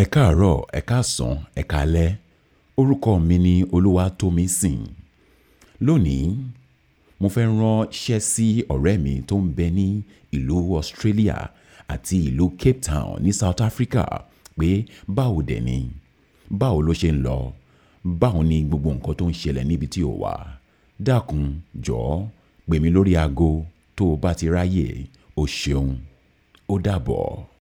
Ẹ káàárọ̀, ẹ káàsán, ẹ káalẹ́. Orúkọ mi ni Olúwatómisìn. Lónìí, mo fẹ́ ránṣẹ́ sí ọ̀rẹ́ mi tó ń bẹ ní ìlú Australia àti ìlú Cape Town ní South Africa pé báwo dẹ̀ ni? Báwo ló ṣe ń lọ? Báwo ni gbogbo nǹkan tó ń ṣẹlẹ̀ níbi tí o wà? Dákun, jọ̀ọ́, pè lórí aago tó o bá ti ráyè. O ṣeun. Ó dàbọ̀.